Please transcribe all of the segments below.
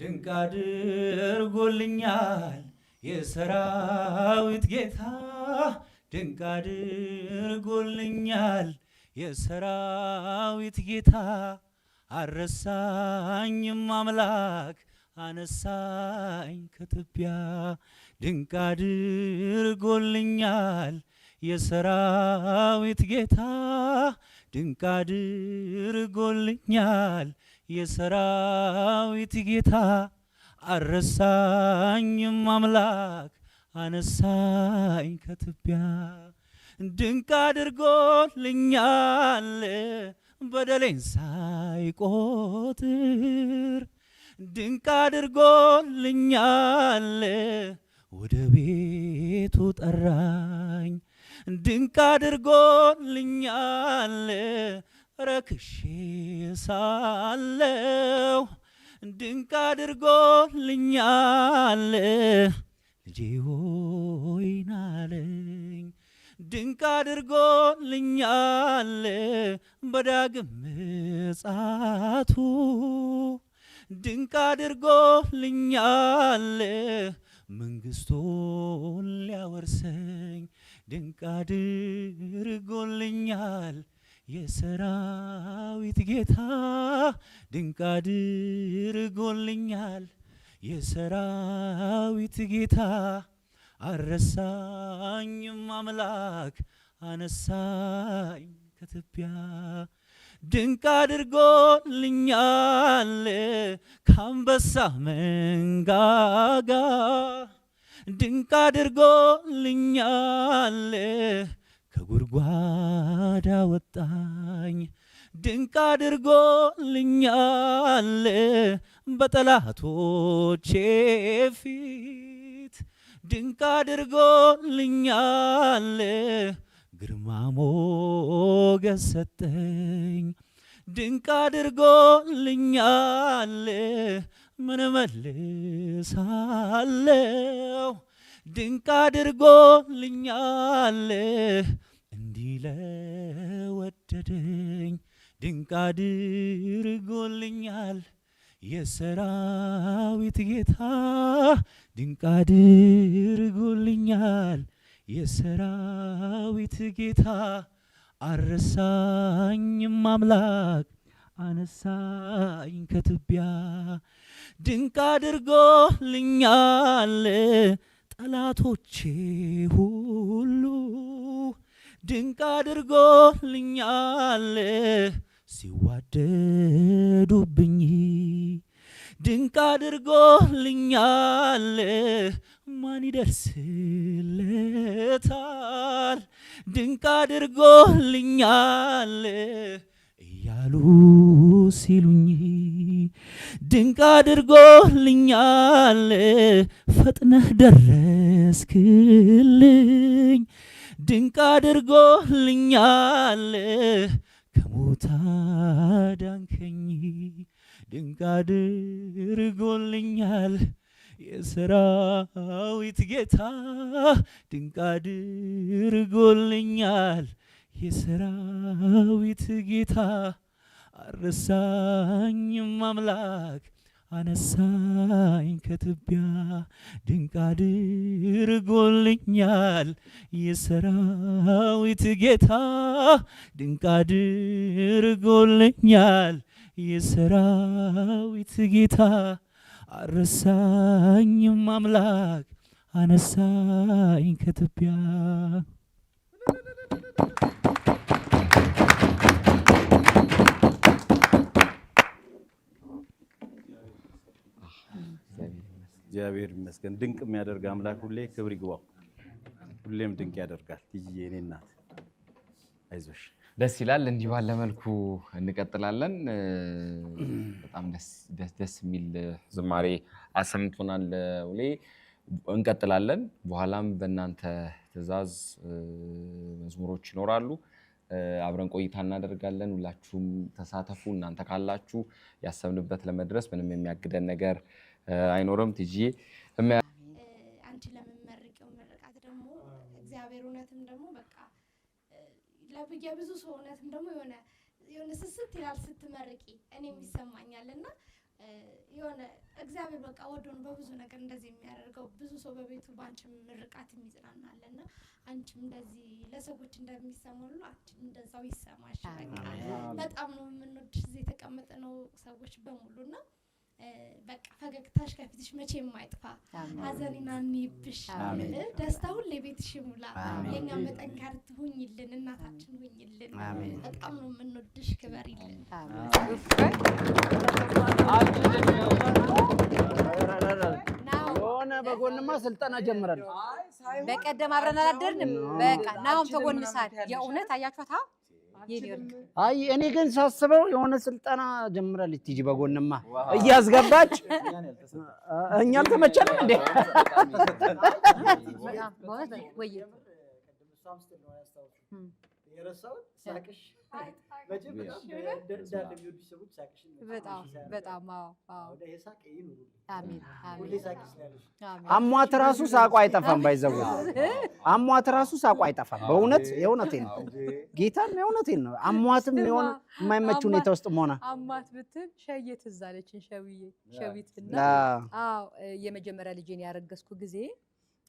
ድንቅ አድርጎልኛል የሰራዊት ጌታ ድንቅ አድርጎልኛል የሰራዊት ጌታ አረሳኝም አምላክ አነሳኝ ከትቢያ ድንቅ አድርጎልኛል የሰራዊት ጌታ ድንቅ አድርጎልኛል የሰራዊት ጌታ አረሳኝም አምላክ አነሳኝ ከትቢያ ድንቅ አድርጎልኛል በደሌን ሳይቆጥር ድንቅ አድርጎልኛል ወደ ቤቱ ጠራኝ ድንቅ አድርጎልኛል ተረክሼ ሳለሁ ድንቅ አድርጎልኛል ልጄ ሆይ ናለኝ ድንቅ አድርጎልኛል በዳግም ምጽአቱ ድንቅ አድርጎልኛል መንግስቱን ሊያወርሰኝ ድንቅ አድርጎልኛል የሰራዊት ጌታ ድንቅ አድርጎልኛል። የሰራዊት ጌታ አረሳኝም፣ አምላክ አነሳኝ ከትቢያ ድንቅ አድርጎልኛል ካንበሳ መንጋጋ ድንቅ አድርጎልኛል አድርጎልኛል በጠላቶቼ ፊት ድንቅ አድርጎልኛል ግርማ ሞገስ ሰጠኝ ድንቅ አድርጎልኛል ምን መልሳለሁ ድንቅ አድርጎልኛል እንዲህ ለወደደኝ ድንቅ አድርጎልኛል የሰራዊት ጌታ ድንቅ አድርጎልኛል የሰራዊት ጌታ አረሳኝም አምላክ አነሳኝ ከትቢያ ድንቅ አድርጎልኛል ጠላቶቼ ሁሉ ድንቅ አድርጎልኛል ሲዋደዱብኝ ድንቅ አድርጎልኛል ማን ይደርስለታል ድንቅ አድርጎልኛል እያሉ ሲሉኝ ድንቅ አድርጎልኛል ፈጥነህ ደረስክልኝ ድንቅ አድርጎልኛል ከሞታዳንከኝ ድንቅ አድርጎልኛል የሰራዊት ጌታ ድንቅ አድርጎልኛል የሰራዊት ጌታ አረሳኝም አምላክ አነሳኝ ከትቢያ ድንቅ አድርጎልኛል የሰራዊት ጌታ ድንቅ አድርጎልኛል የሰራዊት ጌታ አረሳኝም አምላክ አነሳኝ ከትቢያ እግዚአብሔር ይመስገን። ድንቅ የሚያደርግ አምላክ ሁሌ ክብር ይግባው። ሁሌም ድንቅ ያደርጋል። ትይዬ የኔ እናት አይዞሽ። ደስ ይላል። እንዲህ ባለ መልኩ እንቀጥላለን። በጣም ደስ የሚል ዝማሬ አሰምቶናል። ውሌ እንቀጥላለን። በኋላም በእናንተ ትዕዛዝ መዝሙሮች ይኖራሉ። አብረን ቆይታ እናደርጋለን። ሁላችሁም ተሳተፉ። እናንተ ካላችሁ ያሰብንበት ለመድረስ ምንም የሚያግደን ነገር አይኖርም። ትጂ አንቺ ለምመርቀው ምርቃት ደግሞ እግዚአብሔር እውነትም ደግሞ በቃ ብዙ ሰው እውነትም ደግሞ የሆነ የሆነ ስስት ይላል ስትመርቂ፣ እኔም ይሰማኛል እና የሆነ እግዚአብሔር በቃ ወዶን በብዙ ነገር እንደዚህ የሚያደርገው ብዙ ሰው በቤቱ በአንቺም ምርቃት የሚጽናናል እና አንቺም እንደዚህ ለሰዎች እንደሚሰማው ሁሉ አንቺም እንደዛው ይሰማሽ። በቃ በጣም ነው የምንወድሽ እዚህ የተቀመጠ ነው ሰዎች በሙሉ እና በቃ ፈገግታሽ ከፊትሽ መቼ የማይጥፋ ሐዘኔን አንይብሽ፣ ደስታ ሁሌ ቤትሽ ይሙላ። የኛ መጠንካር ትሁኝልን፣ እናታችን ሁኝልን። በጣም ነው የምንወድሽ፣ ክበሪልን። የሆነ በጎንማ ስልጠና ጀምረን በቀደም አብረን አላደርንም። በቃ ናሁም ተጎንሳል። የእውነት አያችኋት አይ እኔ ግን ሳስበው የሆነ ስልጠና ጀምራለች ትጂ በጎንማ እያስገባች እኛ አልተመቸንም እንዴ? ወይ አሟት ራሱ ሳቋ አይጠፋም። ባይዘው አሟት ራሱ ሳቋ አይጠፋም። በእውነት የእውነቴን ነው ጌታን የእውነቴን ነው። አሟትም የሆነ የማይመች ሁኔታ ውስጥ መሆና አሟት ብትል ሸዬ ትዝ አለችኝ። ሸዊት እና የመጀመሪያ ልጄን ያረገዝኩ ጊዜ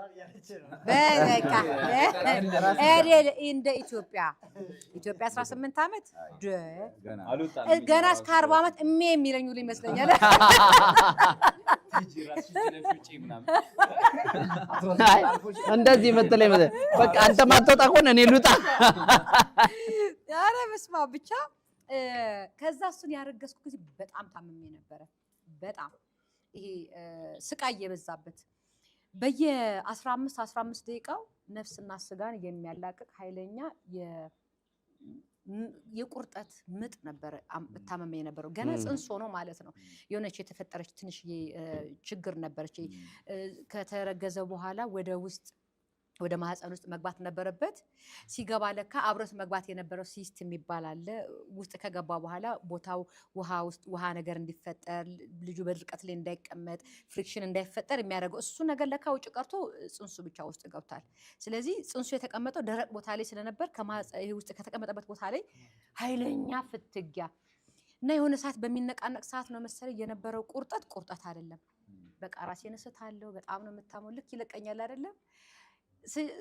እንደ ኢትዮጵያ ኢትዮጵያ አስራ ስምንት ዓመት ገና እስከ አርባ ዓመት እሜ የሚለኝ ሁሉ ይመስለኛል። እንደዚህ የምትለኝ በቃ አንተ ማትወጣ ከሆነ እኔ ልውጣ። ኧረ በስመ አብ ብቻ ከዛ እሱን ያረገዝኩ ጊዜ በጣም ታምሜ ነበረ። በጣም ይሄ ስቃይ የበዛበት በየ15 15 ደቂቃው ነፍስና ስጋን የሚያላቅቅ ኃይለኛ የቁርጠት ምጥ ነበር እታመመ የነበረው ገና ጽንስ ሆኖ ማለት ነው። የሆነች የተፈጠረች ትንሽ ችግር ነበረች። ከተረገዘ በኋላ ወደ ውስጥ ወደ ማህፀን ውስጥ መግባት ነበረበት። ሲገባ ለካ አብሮት መግባት የነበረው ሲስት የሚባል አለ። ውስጥ ከገባ በኋላ ቦታው ውሃ ውስጥ ውሃ ነገር እንዲፈጠር ልጁ በድርቀት ላይ እንዳይቀመጥ ፍሪክሽን እንዳይፈጠር የሚያደርገው እሱ ነገር ለካ ውጭ ቀርቶ ጽንሱ ብቻ ውስጥ ገብቷል። ስለዚህ ጽንሱ የተቀመጠው ደረቅ ቦታ ላይ ስለነበር ውስጥ ከተቀመጠበት ቦታ ላይ ኃይለኛ ፍትጊያ እና የሆነ ሰዓት በሚነቃነቅ ሰዓት ነው መሰለኝ የነበረው ቁርጠት ቁርጠት አይደለም። በቃ ራሴን እስታለሁ። በጣም ነው የምታመው። ልክ ይለቀኛል አይደለም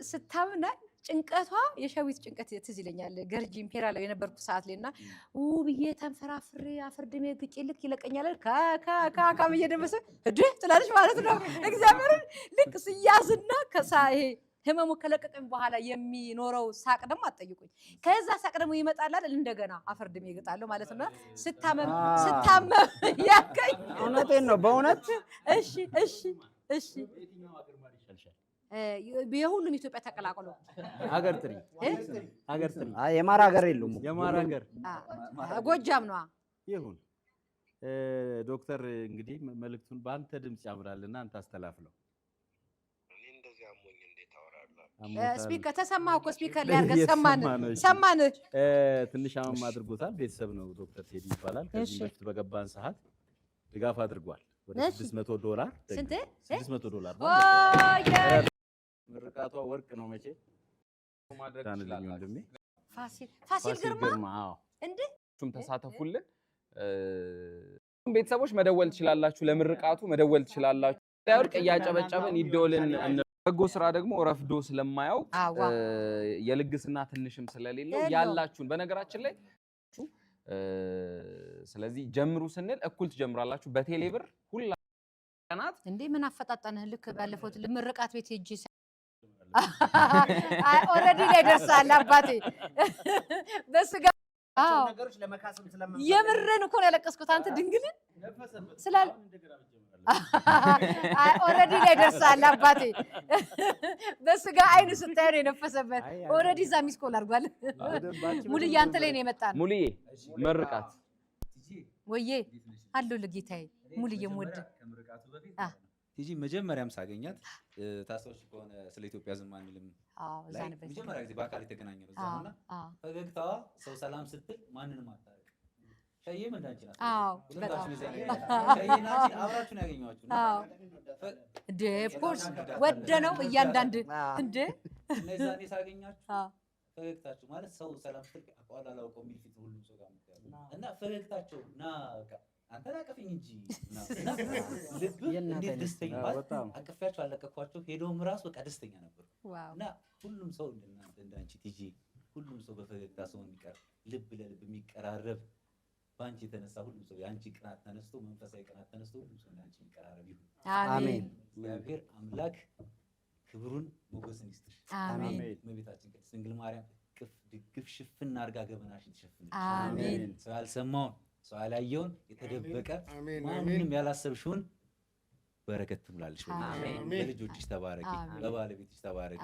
ስታምና ጭንቀቷ የሸዊት ጭንቀት ትዝ ይለኛል። ገርጂ ኢምፔሪያል የነበርኩ ሰዓት ላይ እና ውብዬ ተንፈራፍሬ አፍርድሜ ግጭ ልክ ይለቀኛል ካካም እየደመሰ እድህ ትላለች ማለት ነው። እግዚአብሔርን ልክ ስያዝና ከሳ ይሄ ህመሙ ከለቀቀኝ በኋላ የሚኖረው ሳቅ ደግሞ አጠይቁኝ። ከዛ ሳቅ ደግሞ ይመጣል አይደል እንደገና አፈርድሜ ይግጣለሁ ማለት ነው። ስታመም ስታመም ያቀኝ እውነቴን ነው በእውነት እሺ እሺ እሺ የሁሉም ኢትዮጵያ ተቀላቅሎ ሀገር ጥሪ ሀገር ጥሪ የማራ ሀገር የለም። የማራ ሀገር ጎጃም ነዋ። ይሁን ዶክተር እንግዲህ መልእክቱን በአንተ ድምፅ ያምራልና አንተ አስተላልፈው። ስፒከር ተሰማህ እኮ ስፒከር ላይ አድርገህ ሰማን ሰማን። ትንሽ አመም አድርጎታል። ቤተሰብ ነው ዶክተር ቴዲ ይባላል። ከዚህ በፊት በገባን ሰዓት ድጋፍ አድርጓል። ወደ 600 ዶላር 600 ዶላር ምርቃቷ ወርቅ ነው። መቼ ታንልኝ ይችላል። ፋሲል ግርማ እንዴ ተሳተፉልን። ቤተሰቦች መደወል ትችላላችሁ፣ ለምርቃቱ መደወል ትችላላችሁ። ወርቅ እያጨበጨበን ይደወልን። በጎ ስራ ደግሞ ረፍዶ ስለማያውቅ የልግስና ትንሽም ስለሌለው ያላችሁን በነገራችን ላይ ስለዚህ ጀምሩ ስንል እኩል ትጀምራላችሁ። በቴሌብር ሁላ ቀናት እንዴ ምን አፈጣጠንህ? ልክ ባለፈው ምርቃት ቤት ሄጄ ኦልሬዲ ላይ ደርሳል አባቴ በስጋ የምርን እኮ ነው ያለቀስኩት። አንተ ድንግልን ስላል ኦልሬዲ ላይ ደርሳል አባቴ በስጋ አይኑ ስታይ ነው የነፈሰበት። ኦልሬዲ እዛ ሚስኮል አድርጓል። ሙልዬ አንተ ላይ ነው የመጣ ነው። ሙልዬ መርቃት ወዬ አለሁልህ ጌታዬ ሙልዬ ወድ ቲጂ መጀመሪያም ሳገኛት ታስታውሽ ከሆነ ስለ ኢትዮጵያ ዝም አንልም መጀመሪያ ጊዜ በአካል የተገናኘ ነው እና ፈገግታዋ ሰው ሰላም ስትል ማንንም አታረቅ ሸዬም እንዳንቺ ናት። ያገኘኋችሁ እያንዳንድ እንደ ሳገኛችሁ ፈገግታችሁ ማለት ሰው ሰላም ስትል አቋል የሚል ፊት ሁሉም ሰው ጋር እና ፈገግታቸው ና በቃ አንተን አቅፍኝ እንጂ እንዴት ደስተኛ አለቀኳቸው። ሄደውም ራሱ በቃ ደስተኛ ነበሩ። እና ሁሉም ሰው እንደናንተ እንዳንቺ ቲጂ ሁሉም ሰው በፈገግታ ሰው የሚቀርብ ልብ ለልብ የሚቀራረብ በአንቺ የተነሳ ሁሉም ሰው የአንቺ ቅናት ተነስቶ መንፈሳዊ ቅናት ተነስቶ ሁሉም ሰው እንዳንቺ የሚቀራረብ ይሁን። አሜን። እግዚአብሔር አምላክ ክብሩን ሞገስን ይስጥሽ። አሜን። እመቤታችን ቅድስት ድንግል ማርያም ቅፍ ድግፍ ሽፍን አድርጋ ገበናሽን ትሸፍንሽ። አሜን። ሰው ያልሰማውን ሰው ያላየውን የተደበቀ ማንም ያላሰብሽውን በረከት ትምላለሽ። በልጆችሽ ተባረኪ፣ በባለቤትሽ ተባረኪ።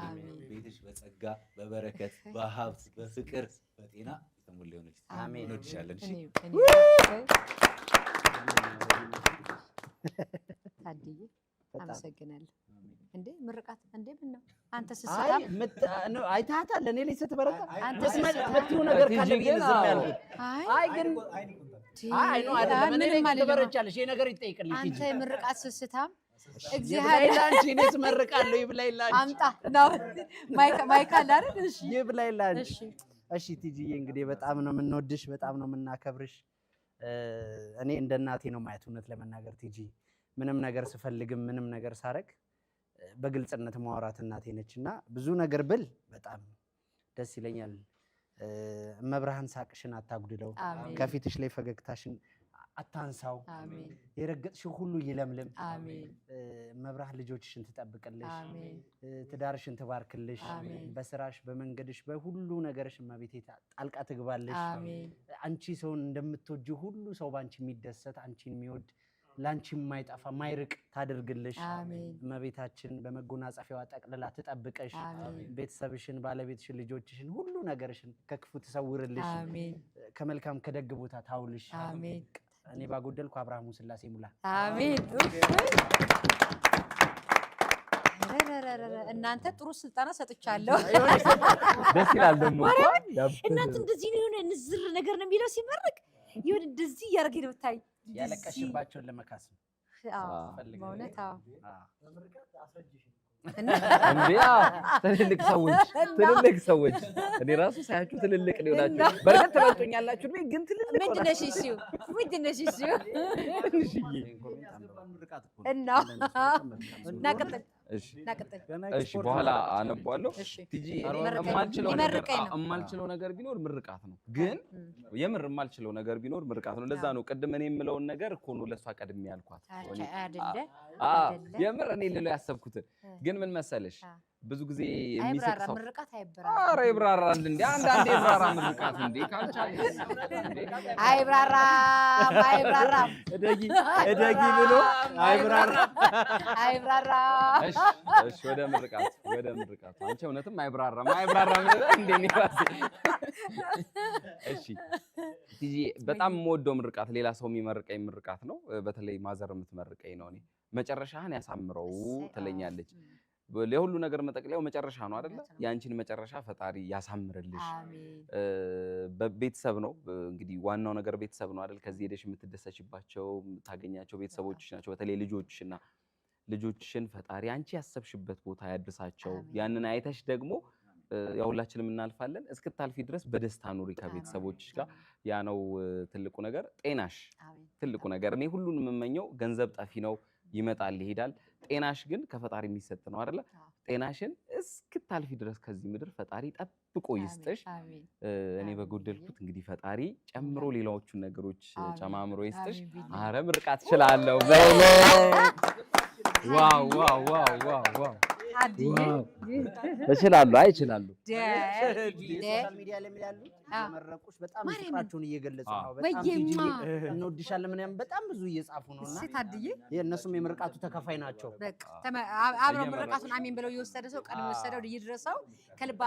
ቤትሽ በጸጋ በበረከት በሀብት በፍቅር በጤና የተሞላ የሆነች እንወድሻለን። ታድዬ አመሰግናለሁ። እንዴ ምርቃት እንዴ ምን ነው አንተ ስሰራ አይታታል። እኔ ላይ ስትበረታ ምትዩ ነገር ካለ ግን ዝም ያልኩት አይ ግን በረቻለሽ ነገር ይጠይቅልኝ። አንተ የምርቃት ስስታም እግዚአብሔር ይብላይላችሁ። አምጣ ማይክ አለ አይደል? ይብላይላችሁ። እሺ ቲጂዬ፣ እንግዲህ በጣም ነው የምንወድሽ፣ በጣም ነው የምናከብርሽ። እኔ እንደ እናቴ ነው ማየት። እውነት ለመናገር ቲጂ፣ ምንም ነገር ስፈልግም ምንም ነገር ሳረግ በግልጽነት ማውራት እናቴ ነች እና ብዙ ነገር ብል በጣም ደስ ይለኛል። መብርሃን ሳቅሽን አታጉድለው፣ ከፊትሽ ላይ ፈገግታሽን አታንሳው፣ የረገጥሽው ሁሉ ይለምልም። መብርሃን ልጆችሽን ትጠብቅልሽ፣ ትዳርሽን ትባርክልሽ፣ በስራሽ በመንገድሽ በሁሉ ነገርሽ እመቤቴ ጣልቃ ትግባልሽ። አንቺ ሰውን እንደምትወጂው ሁሉ ሰው በአንቺ የሚደሰት አንቺን የሚወድ ላንቺ የማይጠፋ ማይርቅ ታደርግልሽ። እመቤታችን በመጎናጸፊያዋ ጠቅልላ ትጠብቀሽ። ቤተሰብሽን፣ ባለቤትሽን፣ ልጆችሽን፣ ሁሉ ነገርሽን ከክፉ ትሰውርልሽ። ከመልካም ከደግ ቦታ ታውልሽ። እኔ ባጎደልኩ አብርሃሙ ስላሴ ሙላ። እናንተ ጥሩ ስልጠና ሰጥቻለሁ። ደስ ይላል። ደግሞ እናንተ እንደዚህ የሆነ ንዝር ነገር ነው የሚለው ሲመርቅ ይሁን እንደዚህ እያደረገ ነው ብታይ ያለቀሽባቸውን ለመካስ ነው። በእውነት ትልልቅ ሰዎች ትልልቅ ሰዎች እኔ ራሱ ሳያችሁ ትልልቅ ሊሆናችሁ በእርግጥ ትበልጡኛላችሁ፣ እድሜ ግን ትልልቅ ምንድነሽ? እሺው ምንድነሽ? እሺው እና ቀጥል እሺ በኋላ አነባለሁ። ቲጂ የማልችለው ነገር ቢኖር ምርቃት ነው። ግን የምር የማልችለው ነገር ቢኖር ምርቃት ነው። ለዛ ነው ቅድም እኔ የምለውን ነገር እኮ ነው ለእሷ ቀድሜ ያልኳት። የምር እኔ ልለው ያሰብኩትን ግን ምን መሰለሽ ብዙ ጊዜ የሚሰጥ ሰው ምርቃት አይብራራ። ኧረ ይብራራል እንዴ! አንዳንዴ ይብራራ ምርቃት እንዴ! ካልቻለ አይብራራ አይብራራ እደጊ እደጊ ብሎ አይብራራ አይብራራ። እሺ እሺ፣ ወደ ምርቃት ወደ ምርቃት። አንቺ እውነትም አይብራራ አይብራራ እንዴ! ነው እሺ ቲጂ፣ በጣም የምወደው ምርቃት ሌላ ሰው የሚመርቀኝ ምርቃት ነው። በተለይ ማዘር የምትመርቀኝ ነው። እኔ መጨረሻህን ያሳምረው ትለኛለች ለሁሉ ነገር መጠቅለያው መጨረሻ ነው አይደለ? ያንቺን መጨረሻ ፈጣሪ ያሳምርልሽ። በቤተሰብ ነው እንግዲህ ዋናው ነገር ቤተሰብ ነው አይደል? ከዚህ ሄደሽ የምትደሰችባቸው የምታገኛቸው ቤተሰቦችሽ ናቸው። በተለይ ልጆችሽ ልጆችሽና ልጆችሽን ፈጣሪ አንቺ ያሰብሽበት ቦታ ያድርሳቸው። ያንን አይተሽ ደግሞ ያው ሁላችንም እናልፋለን። እስክታልፊ ድረስ በደስታ ኑሪ ከቤተሰቦችሽ ጋር። ያ ነው ትልቁ ነገር። ጤናሽ ትልቁ ነገር። እኔ ሁሉን የምመኘው ገንዘብ ጠፊ ነው፣ ይመጣል ይሄዳል። ጤናሽ ግን ከፈጣሪ የሚሰጥ ነው አይደለ? ጤናሽን እስክታልፊ ድረስ ከዚህ ምድር ፈጣሪ ጠብቆ ይስጥሽ። እኔ በጎደልኩት እንግዲህ ፈጣሪ ጨምሮ ሌላዎቹን ነገሮች ጨማምሮ ይስጥሽ። አረ ምርቃት እችላለሁ። ዋው ዋው ዋው ዋው እችላሉ። አይ እችላሉ። መረቁሽ በጣም እንወድሻለን ምናምን በጣም ብዙ እየጻፉ ነው። እነሱም የምርቃቱ ተከፋይ ናቸው። አብረው ምርቃቱን አሜን ብለው የወሰደ ሰው ቀድሞ የወሰደው ይድረሰው። ከልብ